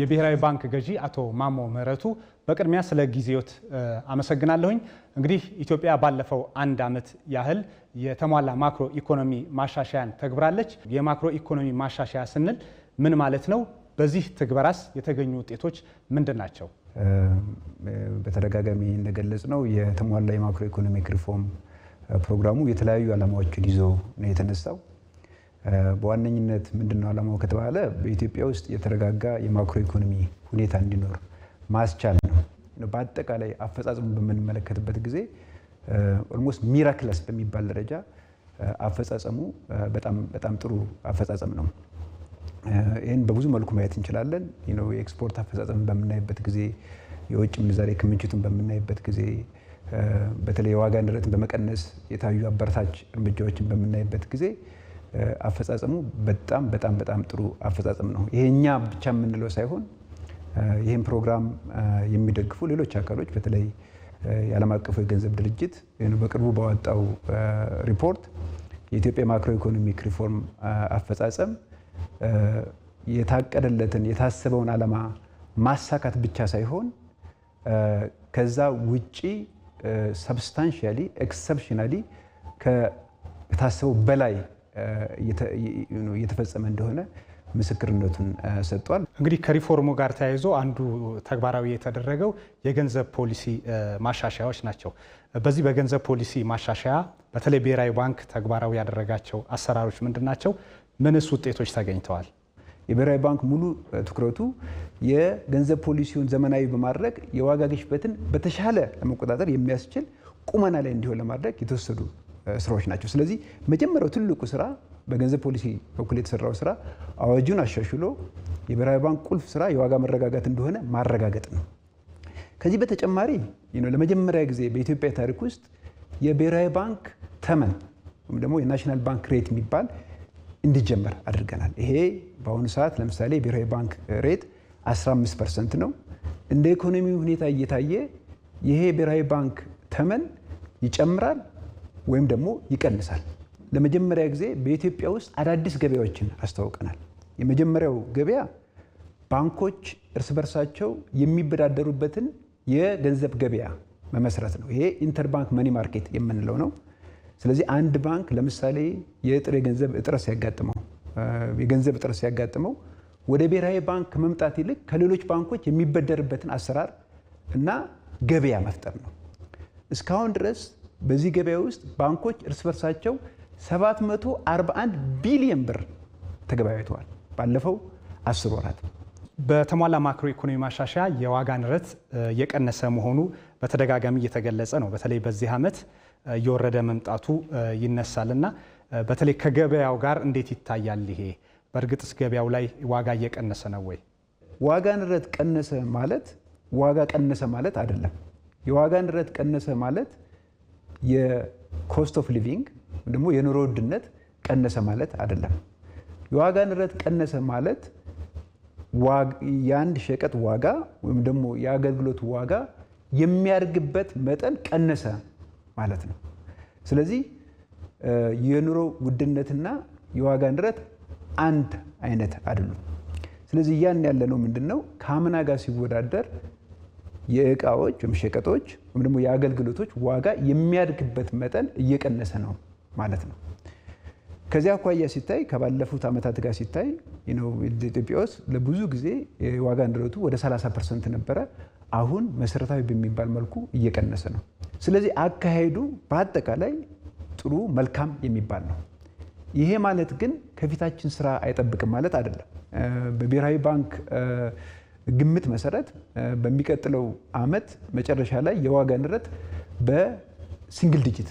የብሔራዊ ባንክ ገዢ አቶ ማሞ ምህረቱ በቅድሚያ ስለ ጊዜዎት አመሰግናለሁኝ። እንግዲህ ኢትዮጵያ ባለፈው አንድ ዓመት ያህል የተሟላ ማክሮ ኢኮኖሚ ማሻሻያን ተግብራለች። የማክሮ ኢኮኖሚ ማሻሻያ ስንል ምን ማለት ነው? በዚህ ትግበራስ የተገኙ ውጤቶች ምንድን ናቸው? በተደጋጋሚ እንደገለጽ ነው የተሟላ የማክሮ ኢኮኖሚክ ሪፎርም ፕሮግራሙ የተለያዩ ዓላማዎችን ይዞ ነው የተነሳው። በዋነኝነት ምንድነው ዓላማው ከተባለ በኢትዮጵያ ውስጥ የተረጋጋ የማክሮ ኢኮኖሚ ሁኔታ እንዲኖር ማስቻል ነው። በአጠቃላይ አፈጻጸሙን በምንመለከትበት ጊዜ ኦልሞስት ሚራክለስ በሚባል ደረጃ አፈጻጸሙ በጣም በጣም ጥሩ አፈጻጸም ነው። ይህን በብዙ መልኩ ማየት እንችላለን። የኤክስፖርት አፈጻጸም በምናይበት ጊዜ፣ የውጭ ምንዛሬ ክምችቱን በምናይበት ጊዜ፣ በተለይ የዋጋ ንረትን በመቀነስ የታዩ አበረታች እርምጃዎችን በምናይበት ጊዜ አፈጻጸሙ በጣም በጣም በጣም ጥሩ አፈጻጸም ነው። ይሄ እኛ ብቻ የምንለው ሳይሆን ይህን ፕሮግራም የሚደግፉ ሌሎች አካሎች በተለይ የዓለም አቀፉ የገንዘብ ድርጅት በቅርቡ ባወጣው ሪፖርት የኢትዮጵያ ማክሮ ኢኮኖሚክ ሪፎርም አፈጻጸም የታቀደለትን የታሰበውን ዓላማ ማሳካት ብቻ ሳይሆን ከዛ ውጪ ሰብስታንሺያሊ ኤክሰፕሽናሊ ከታሰበው በላይ እየተፈጸመ እንደሆነ ምስክርነቱን ሰጥቷል። እንግዲህ ከሪፎርሙ ጋር ተያይዞ አንዱ ተግባራዊ የተደረገው የገንዘብ ፖሊሲ ማሻሻያዎች ናቸው። በዚህ በገንዘብ ፖሊሲ ማሻሻያ በተለይ ብሔራዊ ባንክ ተግባራዊ ያደረጋቸው አሰራሮች ምንድን ናቸው? ምንስ ውጤቶች ተገኝተዋል? የብሔራዊ ባንክ ሙሉ ትኩረቱ የገንዘብ ፖሊሲውን ዘመናዊ በማድረግ የዋጋ ግሽበትን በተሻለ ለመቆጣጠር የሚያስችል ቁመና ላይ እንዲሆን ለማድረግ የተወሰዱ ስራዎች ናቸው። ስለዚህ መጀመሪያው ትልቁ ስራ በገንዘብ ፖሊሲ በኩል የተሰራው ስራ አዋጁን አሻሽሎ የብሔራዊ ባንክ ቁልፍ ስራ የዋጋ መረጋጋት እንደሆነ ማረጋገጥ ነው። ከዚህ በተጨማሪ ለመጀመሪያ ጊዜ በኢትዮጵያ ታሪክ ውስጥ የብሔራዊ ባንክ ተመን ወይም ደግሞ የናሽናል ባንክ ሬት የሚባል እንዲጀመር አድርገናል። ይሄ በአሁኑ ሰዓት ለምሳሌ የብሔራዊ ባንክ ሬት 15 ፐርሰንት ነው። እንደ ኢኮኖሚ ሁኔታ እየታየ ይሄ ብሔራዊ ባንክ ተመን ይጨምራል ወይም ደግሞ ይቀንሳል። ለመጀመሪያ ጊዜ በኢትዮጵያ ውስጥ አዳዲስ ገበያዎችን አስተዋውቀናል። የመጀመሪያው ገበያ ባንኮች እርስ በርሳቸው የሚበዳደሩበትን የገንዘብ ገበያ መመስረት ነው። ይሄ ኢንተርባንክ መኒ ማርኬት የምንለው ነው። ስለዚህ አንድ ባንክ ለምሳሌ የጥሬ ገንዘብ እጥረት ሲያጋጥመው የገንዘብ እጥረት ሲያጋጥመው ወደ ብሔራዊ ባንክ ከመምጣት ይልቅ ከሌሎች ባንኮች የሚበደርበትን አሰራር እና ገበያ መፍጠር ነው። እስካሁን ድረስ በዚህ ገበያ ውስጥ ባንኮች እርስ በርሳቸው 741 ቢሊዮን ብር ተገበያይተዋል ባለፈው አስር ወራት። በተሟላ ማክሮ ኢኮኖሚ ማሻሻያ የዋጋ ንረት እየቀነሰ መሆኑ በተደጋጋሚ እየተገለጸ ነው። በተለይ በዚህ ዓመት እየወረደ መምጣቱ እና በተለይ ከገበያው ጋር እንዴት ይታያል ይሄ? በእርግጥስ ገበያው ላይ ዋጋ እየቀነሰ ነው ወይ? ዋጋ ንረት ቀነሰ ማለት ዋጋ ቀነሰ ማለት አይደለም። የዋጋ ንረት ቀነሰ ማለት የኮስት ኦፍ ሊቪንግ ደግሞ የኑሮ ውድነት ቀነሰ ማለት አይደለም። የዋጋ ንረት ቀነሰ ማለት የአንድ ሸቀጥ ዋጋ ወይም ደግሞ የአገልግሎት ዋጋ የሚያድግበት መጠን ቀነሰ ማለት ነው። ስለዚህ የኑሮ ውድነትና የዋጋ ንረት አንድ አይነት አይደሉም። ስለዚህ እያን ያለ ነው ምንድን ነው ከአምና ጋር ሲወዳደር የእቃዎች ወይም ሸቀጦች ወይም ደግሞ የአገልግሎቶች ዋጋ የሚያድግበት መጠን እየቀነሰ ነው ማለት ነው። ከዚህ አኳያ ሲታይ ከባለፉት ዓመታት ጋር ሲታይ ኢትዮጵያ ውስጥ ለብዙ ጊዜ የዋጋ ንረቱ ወደ 30 ፐርሰንት ነበረ። አሁን መሰረታዊ በሚባል መልኩ እየቀነሰ ነው። ስለዚህ አካሄዱ በአጠቃላይ ጥሩ መልካም የሚባል ነው። ይሄ ማለት ግን ከፊታችን ስራ አይጠብቅም ማለት አይደለም። በብሔራዊ ባንክ ግምት መሰረት በሚቀጥለው አመት መጨረሻ ላይ የዋጋ ንረት በሲንግል ዲጂት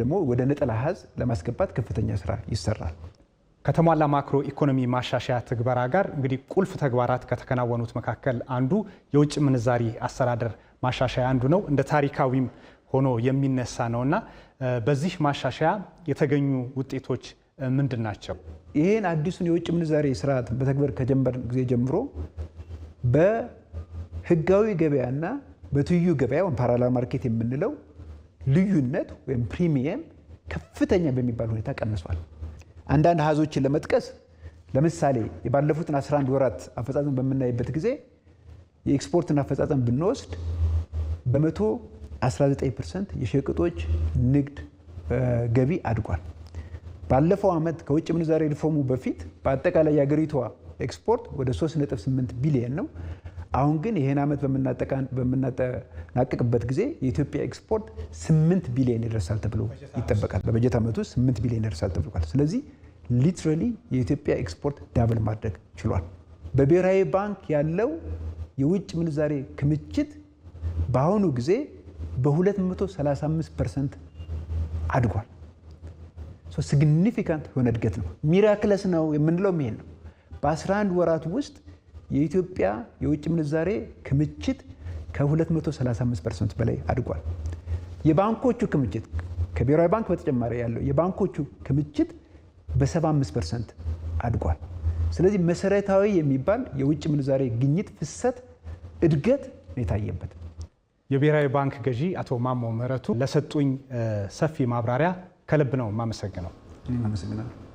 ደግሞ ወደ ነጠላ አሃዝ ለማስገባት ከፍተኛ ስራ ይሰራል። ከተሟላ ማክሮ ኢኮኖሚ ማሻሻያ ትግበራ ጋር እንግዲህ ቁልፍ ተግባራት ከተከናወኑት መካከል አንዱ የውጭ ምንዛሪ አስተዳደር ማሻሻያ አንዱ ነው። እንደ ታሪካዊም ሆኖ የሚነሳ ነውና በዚህ ማሻሻያ የተገኙ ውጤቶች ምንድን ናቸው? ይህን አዲሱን የውጭ ምንዛሬ ስርዓት በተግበር ከጀመር ጊዜ ጀምሮ በህጋዊ ገበያና በትዩ ገበያ ወይም ፓራላል ማርኬት የምንለው ልዩነት ወይም ፕሪሚየም ከፍተኛ በሚባል ሁኔታ ቀንሷል። አንዳንድ አሃዞችን ለመጥቀስ ለምሳሌ የባለፉትን 11 ወራት አፈጻጸም በምናይበት ጊዜ የኤክስፖርትን አፈጻጸም ብንወስድ በመቶ 19 ፐርሰንት የሸቀጦች ንግድ ገቢ አድጓል። ባለፈው ዓመት ከውጭ ምንዛሬ ሪፎርሙ በፊት በአጠቃላይ የአገሪቷ ኤክስፖርት ወደ 3.8 ቢሊየን ነው። አሁን ግን ይህን ዓመት በምናጠናቀቅበት ጊዜ የኢትዮጵያ ኤክስፖርት 8 ቢሊየን ይደርሳል ተብሎ ይጠበቃል። በበጀት ዓመቱ 8 ቢሊየን ይደርሳል ተብሏል። ስለዚህ ሊትራሊ የኢትዮጵያ ኤክስፖርት ዳብል ማድረግ ችሏል። በብሔራዊ ባንክ ያለው የውጭ ምንዛሬ ክምችት በአሁኑ ጊዜ በ235 ፐርሰንት አድጓል። ሲግኒፊካንት የሆነ እድገት ነው። ሚራክለስ ነው የምንለው ይሄን ነው። በ11 ወራት ውስጥ የኢትዮጵያ የውጭ ምንዛሬ ክምችት ከ235 ፐርሰንት በላይ አድጓል። የባንኮቹ ክምችት ከብሔራዊ ባንክ በተጨማሪ ያለው የባንኮቹ ክምችት በ75 ፐርሰንት አድጓል። ስለዚህ መሰረታዊ የሚባል የውጭ ምንዛሬ ግኝት ፍሰት እድገት ነው የታየበት። የብሔራዊ ባንክ ገዢ አቶ ማሞ ምህረቱ ለሰጡኝ ሰፊ ማብራሪያ ከልብ ነው የማመሰግነው። አመሰግናለሁ።